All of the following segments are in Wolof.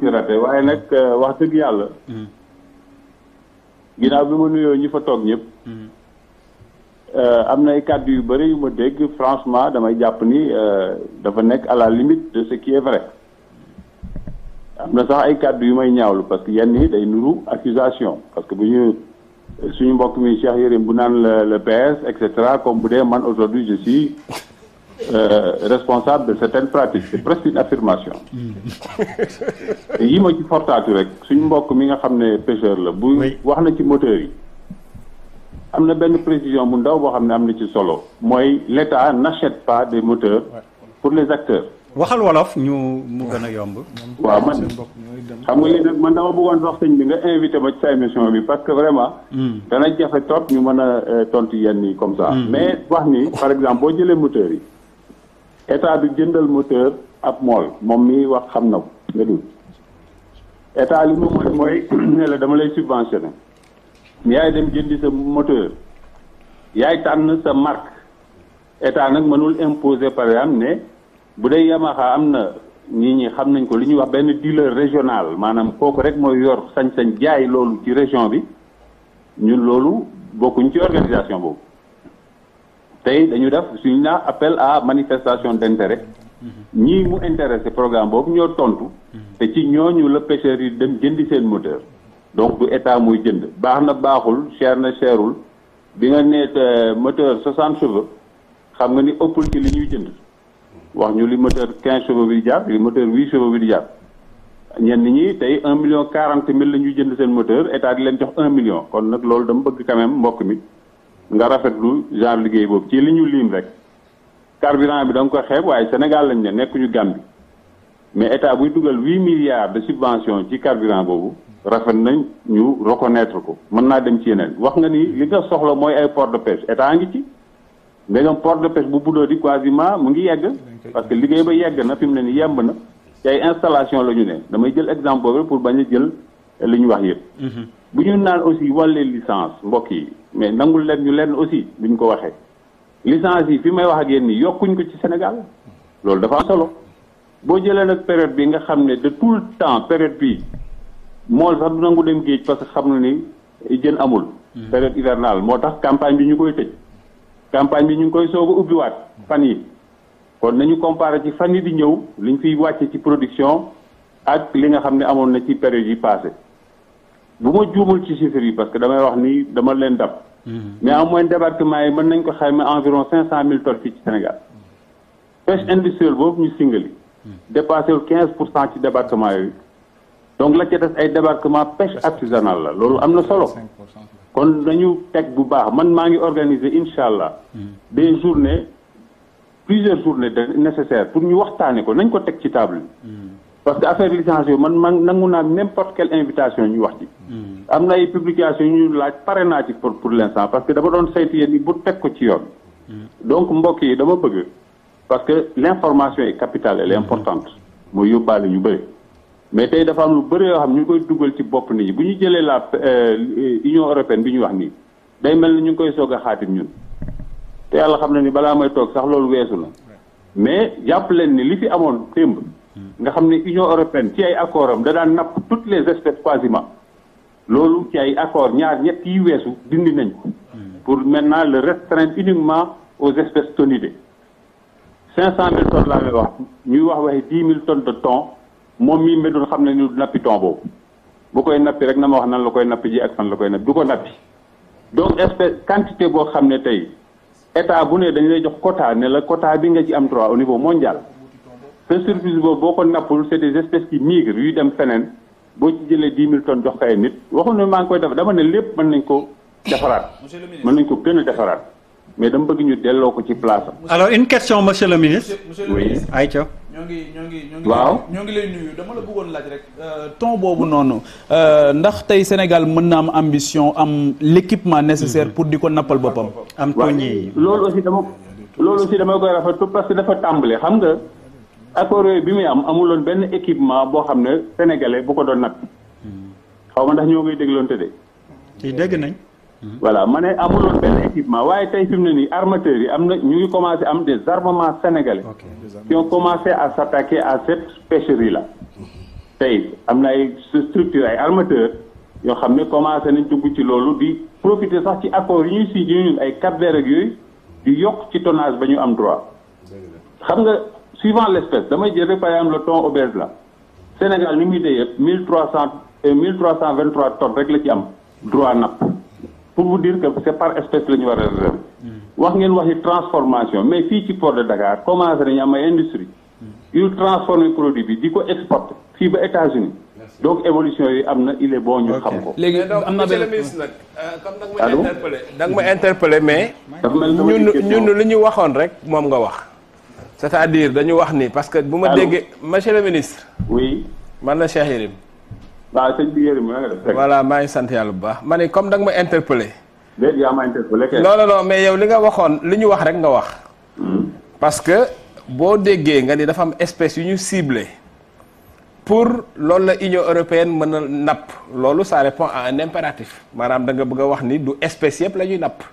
ci waaye nag euh, wax dëgg yàlla. Hmm. ginnaaw bi ma nuyoo ñu fa toog ñëpp. Hmm. Euh, am na ay kàddu yu bëri yu ma dégg franchement damay jàpp ni euh, dafa nekk à la limite de ce qui est vrai am na sax ay kàddu yu may ñaawlu parce que yenn yi day nuru accusation parce que bu ñu suñu mbokk mi Cheikh Yérim bu naan le PS et cetera comme bu dee man aujourd'hui je suis. euh, responsable de certaines pratique c'est presque une affirmation mm. yi ma ci fortaatu rek suñ mbokk mi nga xam ne pêcheur la bu wax na ci moteur yi am na benn précision bu ndaw boo xam ne am na ci solo mooy l'État n'achète pas des moteurs pour les acteurs waxal wolof ñu mu gën a yomb waaw man xam nga lii nag man dama bëggoon sax sëñ bi nga invité ma ci sa émission bi parce que vraiment mm. dana jafe trop ñu mën a euh, tontu yenn yi comme ça mm. mais wax ni par exemple boo jëlee moteurs yi état bi jëndal moteur ab mool moom mi wax xam na ko nga dul état li mu mën mooy ne la dama lay subventionné yaay dem jëndi sa moteur yaay tànn sa marque état nag mënul imposer par exemple ne bu dee Yamaha am na nit ñi xam nañ ko li ñuy wax benn dealer régional maanaam kooku rek mooy yor sañ-sañ jaay loolu ci région bi ñun loolu bokkuñ ci organisation boobu. tey dañu def suñu naa appel à manifestation d' intérêt ñii mu intéressé programme boobu ñoo tontu te ci ñooñu la pêcheurs yi dem jëndi seen moteur donc du état muy jënd baax na baaxul cher na cherul bi nga nee moteur 60 chevaux xam nga ni ëppul ci li ñuy jënd wax ñu li moteur 15 chevaux bi di jàpp li moteur 8 chevaux bi di jàpp ñenn ñi tey 1 million 40 mille la ñuy jënd seen moteur état di leen jox 1 million kon nag loolu dama bëgg mbokk mi. nga rafet lu genre liggéey boobu ci li ñu liim rek carburant bi da nga ko xeeb waaye Sénégal lañ ne nekkuñu Gambie mais état buy dugal huit milliards de subvention ci carburant boobu rafet nañ ñu reconnaître ko mën naa dem ci yeneen wax nga ni li nga soxla mooy ay port de pêche état ngi ci ndegam port de pêche bu budoo di quasiment mu ngi yegg parce que liggéey ba yegg na fi mu ne ni yemb na ci ay installation la ñu ne damay jël exemple boobu pour bañ a jël li ñu wax yëpp mhm. bu ñu naan aussi wàllee licence mbokk yi mais nangul leen ñu lenn aussi buñ ko waxee licence yi fi may wax ak yéen nii yokkuñ ko ci Sénégal loolu dafa am solo boo jëlee nag période bi nga xam ne de tout le temps période bi moo sax du nangu dem géej parce que xam na ni jën amul. Hmm. période hivernale moo tax campagne bi ñu koy tëj. campagne bi ñu ngi koy soog a ubbiwaat fan yi kon nañu comparé ci fan yi di ñëw liñ fiy wàcce ci production ak li nga xam ne amoon na ci période yi passé bu ma juumul ci chiffres yi parce que damay wax ni dama leen dab. Mhm. mais au moins département yi mën nañ ko xayma environ cinq cent mille tonnes fii ci Sénégal. pêche industrielle boobu ñu singali. Mhm. dépassé wul quinze pour cent ci département yi donc la ca des ay débarquement pêche artisanale la loolu am na solo kon nañu teg bu baax man maa ngi organiser incha allah mhm. des journées plusieurs journées nécessaires pour ñu waxtaane ko nañ ko teg ci table bi parce que affaire licence yooyu man man nangu naa n'importe quelle invitation ñu wax ci. Mm. am na ay publications ñu laaj pare naa ci pour pour l'instant parce que dama doon saytu yéen bu teg ko ci yoon. Mm. donc mbokk yi dama bëgg. parce que l'information est capitale elle est mm. importante. mooy yóbbaale ñu bëri. mais tey dafa am lu bëri yoo xam ñu ngi koy dugal ci bopp nit ñi bu ñu jëlee la euh, Union européenne bi ñu wax nii day mel ni ñu ngi koy soog a xaatim ñun. te yàlla xam na ni balaa may toog sax loolu weesu na. mais amoon nga xam ne Union européenne ci ay accord am da daan napp toutes les espèces quasiment loolu ci ay accord ñaar ñett yi weesu dindi nañ ko pour maintenant le restreindre uniquement aux espèces tonidées cinq cent mille tonnes laa lay wax ñuy wax waxi dix mille tonnes de thon moom mii ma doon xam ne ni nappi thon boobu bu koy nappi rek na ma wax nan la koy nappi ji ak fan la koy nappi du ko nappi donc espèce quantité boo xam ne tey état bu ne dañ lay jox quota ne la quota bi nga ci am droit au mondial résurfuge boobu boo ko nappul c'est des espèces qui migrent yuy dem feneen boo ci jëlee dix mille jox ko ay nit waxu ne maa ngi koy def dama ne lépp mën nañ ko defaraat a defaraat mais dama bëgg ñu delloo ko ci place am. alors une question monsieur le ministre. monsieur le ministre oui Aïcha. ñoo ngi ñoo ngi ñoo ngi. waaw ñoo ngi lay nuyu dama la bëggoon laaj rek. Euh, ton boobu noonu euh, ndax tey Sénégal mën na am ambition am l'équipement nécessaire mm-hmm. pour di ko nappal boppam. am tooñ yi loolu aussi accord yooyu bi muy am amuloon benn équipement boo xam ne sénégalais boo ko doon natt xaw ma ndax ñoo ngay dégloonte de. ci dégg nañ. voilà ma ne amuloon benn équipement waaye tey fi ne nii armateurs yi am na ñu ngi commencé am des armements sénégalais. qui commencé à s'attaquer à cette pêcherie là. tey am na ay structure ay armateurs yoo xam ne commencé nañ dugg ci loolu di profiter sax ci accords yi ñuy signé ñun ay Cap-Vert ak yooyu di yokk ci tonage ba ñu am droit. xam nga. suivant l'espèce damay jëlee par exemple le thon obèse là Sénégal ni muy dee yëpp mille trois cent et euh, mille trois cent vingt trois tonnes rek la ci am droit napp pour vous dire que par espèce la ñu war a dem hmm. wax ngeen waxi transformation mais fii ci port de Dakar commencé nañu am ay industrie hmm. yu transformer bi di ko exporter fii ba États-Unis donc évolution yi am na il est bon ñu xam ko. léegi am na benn ministre nag. Euh, comme da nga ma interpellé da nga ma interpellé mais. ñun ñun li ñu waxoon rek moom nga wax. c'est-à-dire dañu wax ni parce que bu ma déggee monsieur le ministre. oui man la Cheikh Yérim. waaw sëñ maa ngi sant yàlla bu baax ma ne comme da nga ma interpellé. déedéet yaa ma interpellé kay. non mais yow li nga waxoon li ñu wax rek nga wax. Hmm. parce que boo déggee nga ni dafa am espèce yu ñu cible pour loolu la Union européenne mën a napp loolu ça répond à un impératif maanaam da nga bëgg a wax ni du espèce yëpp la ñuy napp.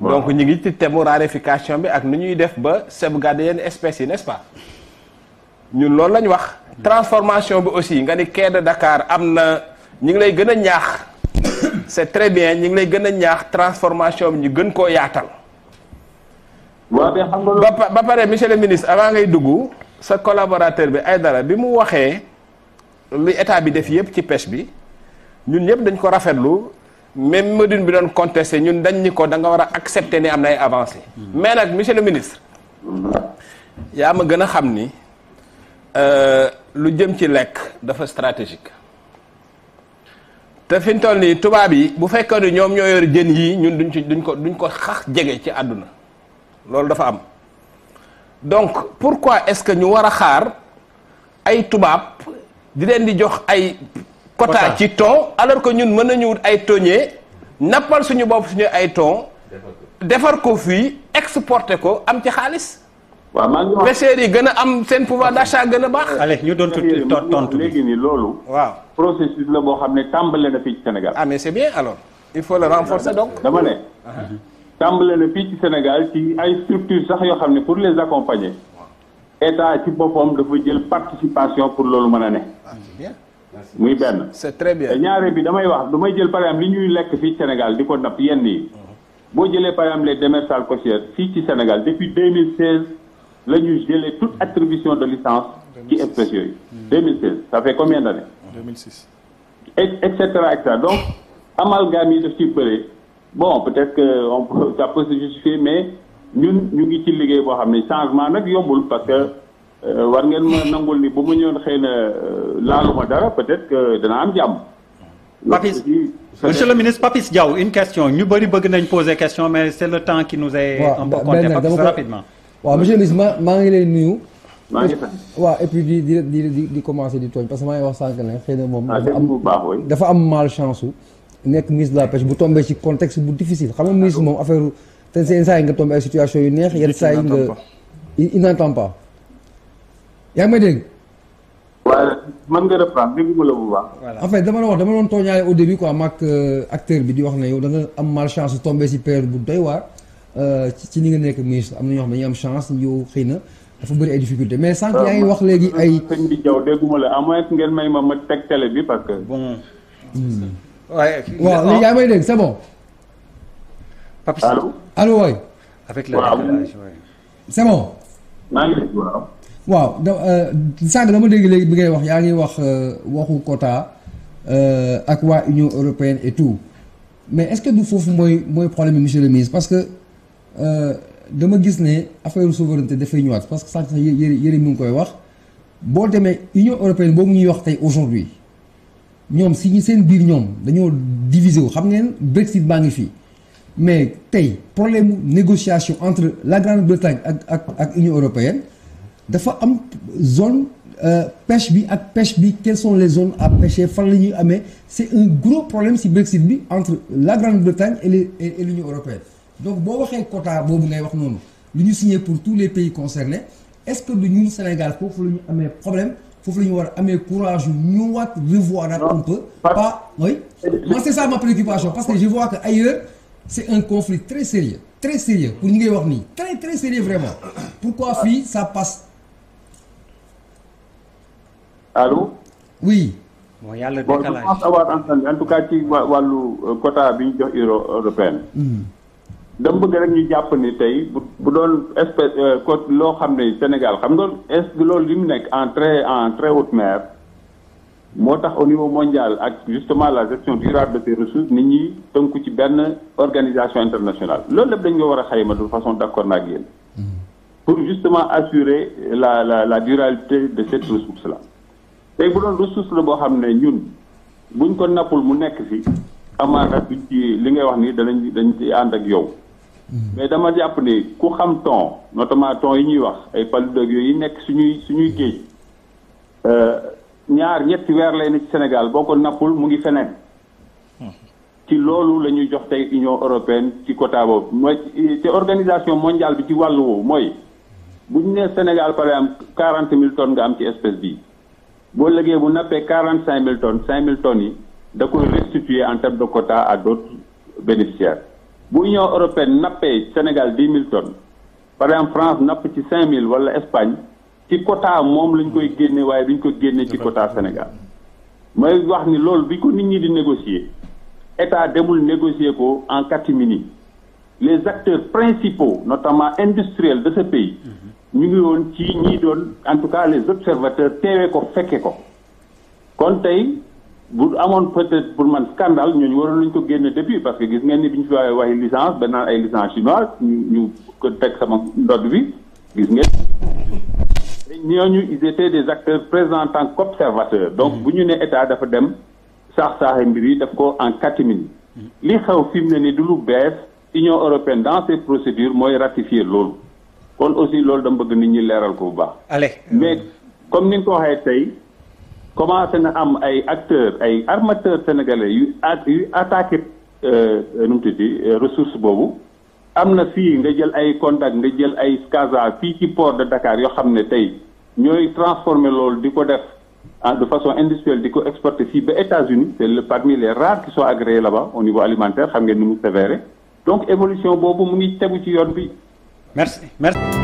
donc ñu ngi ci thème raréfication bi ak nu ñuy def ba sauvegarder yenn espèces yi nes ce ñun loolu lañ wax transformation bi aussi nga ni quai de Dakar am na ñu ngi lay gën a ñaax c'est très bien ñu ngi lay gën a ñaax transformation bi ñu gën koo yaatal ba ba pare monsieur le ministre avant ngay dugg sa collaborateur bi ay dara bi mu waxee li état bi def yépp ci pêche bi ñun ñëpp dañ ko rafetlu même Modou bi doon contesté ñun dañ ñi ko danga war a accepter ni am na ay avancé mais nag monsieur le ministre yaa ma gën a xam ni euh, lu jëm ci lekk dafa stratégique te fi ñu toll nii tubaab yi bu fekkee ni ñoom ñoo yor jën yii ñun duñ ci duñ ko duñ ko xax jege ci àdduna loolu dafa am donc pourquoi est-ce que ñu war a xaar ay tubaab di leen di jox ay quota ci thon alors que ñun mën nañu wut ay thonier nappal suñu bopp suñu ay thon defar ko fii exporter ko am ci xaalis. waaw maa ngi wax pêcheurs yi gën a am seen pouvoir d'achat gën a baax. allez ñu doon tuuti tontu léegi nii loolu. waaw processus la boo xam ne tàmbale na fii ci Sénégal. ah mais c'est bien alors. il faut le renforcer donc. dama ne. Ah. tàmbale na fii ci Sénégal ci ay structures sax yoo xam ne pour les accompagner. état ci boppam dafa jël participation pour loolu mën a ne. Ah, muy benn. c'est très bien eh, ñaare bi damay wax du may jël par exemple li ñuy lekk fii Sénégal di ko napp yenn yi. Mhm. boo jëlee par exemple les démersales côtières fii ci Sénégal depuis 2016 la ñuy jëlee tout attribution de licence ci espèces yooyu. 2016 mhm. ça fait combien d'années. 2006. Mhm. et et cetera et cetera donc amalgame yi daf ci bëree bon peut-être que on peut justifier mais ñun ñu ngi ci liggéey boo xam ne changement nag yombul parce que. Euh, war ngeen ma nangul ni bu ma ñëwoon xëy na euh, laaluma dara peut-être que dana am jàmm. Papis monsieur le ministre Papis Diaw une question ñu bëri bëgg nañ poser question mais c'est le temps qui nous est. un peu compté Papis rapidement. waaw monsieur le ministre maa ngi maa ngi waaw et puis di di di di commencer di tooñ parce que maa ngi wax moom. Ah, dafa am malchance su la pêche bu tombé ci contexte bu difficile xam nga ministre moom affaire te seen saa yi nga tombé ay situation yu neex yenn saa nga il n'entend yaa ngi may dégg. waaye mën nga reprendre dégguma la bu baax. voilà dama la wax dama doon tooñaale au début quoi maak euh, acteur bi di wax na yow da nga am malchance su tombé si période bu doy waar euh, ci ni nga nekk ministre am na ñoo xam dañuy am chance yow xëy na dafa bëri ay difficulté mais sànq yaa ngi wax léegi ay. Euh, sëñ bi Diaw dégguma la à moins ngeen may ma ma teg bi parce que. bon. waaye. Hmm. waaw léegi yaa may dégg c'est bon. Pape Allo allo waay. avec waaw da euh, sànq dama dégg léegi bi ngay wax yaa ngi wax euh, waxu quota euh, ak waa Union européenne et tout mais est-ce que du foofu mooy mooy problème bi monsieur le parce que dama gis ne affaire souveraineté dafay ñëwaat parce que sànq sax yëri yëri mu ngi koy wax boo demee Union européenne boobu ñuy wax tey aujourd'hui ñoom si ñu seen biir ñoom dañoo diviser wu xam ngeen Brexit maa ngi fii mais tey problème négociation entre la Grande-Bretagne ak ak ak Union européenne dafa am zone euh, pêche bi ak pêche bi quelles sont les zones à pêcher fan la ñuy amee c'est un gros problème ci Brexit bi entre la Grande-Bretagne et les et l'Union européenne donc boo waxee quota boobu ngay wax noonu lu ñu signé pour tous les pays concernés est-ce que du ñun Sénégal foofu la ñu amee problème foofu la ñu war a amee courage ñu ñëwaat revoir un peu pas oui moi c'est ça ma préoccupation parce que je vois que ailleurs c'est un conflit très sérieux très sérieux pour ñu ngay wax nii très très sérieux vraiment pourquoi allo. oui. bon yàlla bon je pense en tout cas ci wàllu euh, quota bi ñu jox euro européenne. Hmm. dama bëgg rek ñu jàpp ni tey bu bu doon espèce euh, côte loo xam ne Sénégal xam nga est loolu li mu nekk en très en très haute mer moo tax au niveau mondial ak justement la gestion durable de ces ressources nit ñi tënku ci benn organisation internationale loolu lépp dañ ko war a xayma de façon d'accord naag yéen hmm. pour justement assurer la la la durabilité de cette ressource là tey bu doon ressource la boo xam ne ñun buñ ko nappul mu nekk fi amaana duñ ci li ngay wax ni danañ dañ ci ànd ak yow. Hmm. mais dama jàpp ni ku xam ton notamment ton yi ñuy wax ay paludoog yooyu nekk suñuy suñuy géej euh, ñaar ñetti weer lay ne ci Sénégal boo ko nappul mu ngi feneen. Hmm. ci loolu lañuy jox tey Union européenne ci quota boobu mooy te organisation mondiale bi ci wàllu woo mooy bu ñu nee Sénégal par exemple quarante mille tonnes nga am ci espèce bi. boo lëgee bu nappee quarante cinq mille tonnes cinq mille tonnes yi da koy restituer en terme de quota à d' autres bénéficiaires bu Union européenne nappee Sénégal dix mille tonnes par exemple France napp ci cinq mille wala Espagne ci quota moom lañ koy génne waaye duñ ko génne ci quota Sénégal mooy wax ni loolu bi ko nit ñi di négocier état demul négocier ko en catimini les acteurs principaux notamment industriels de ce pays. Mm -hmm. ñu ngi woon ci ñi doon en tout cas les observateurs teewee ko fekkee ko kon tey bu amoon peut-être pour man scandale ñooñu waroon nañu ko génne depuis parce que gis ngeen ni bi ñu fi waxee waxi licence ba naan ay licence chinoise ñu ko teg sama ndodd bi gis ngeen ñooñu ils étaient des acteurs présents tant qu'observateurs donc bu ñu ne état dafa dem saax saaxe mbir yi daf ko en catimini mm. li xew fi mu ne ni du lu bees Union européenne dans ses procédures mooy ratifier loolu kon aussi loolu dama bëgg nit ñi leeral ko bu baax. allez mais comme ni nga ko waxee tey commencé na am ay acteurs ay armateurs sénégalais yu at yu attaqué euh, nu mu tuddati ressource boobu. am na fii nga jël ay contact nga jël ay Casa fii ci port de Dakar yoo xam ne tey ñooy transformer loolu di ko def de façon industrielle di ko exporter fii ba États-Unis c'est parmi les rares qui sont agréés là-bas au niveau alimentaire xam ngeen ni mu sévère donc évolution boobu mu ngi tegu ci yoon bi. Merci. Merci.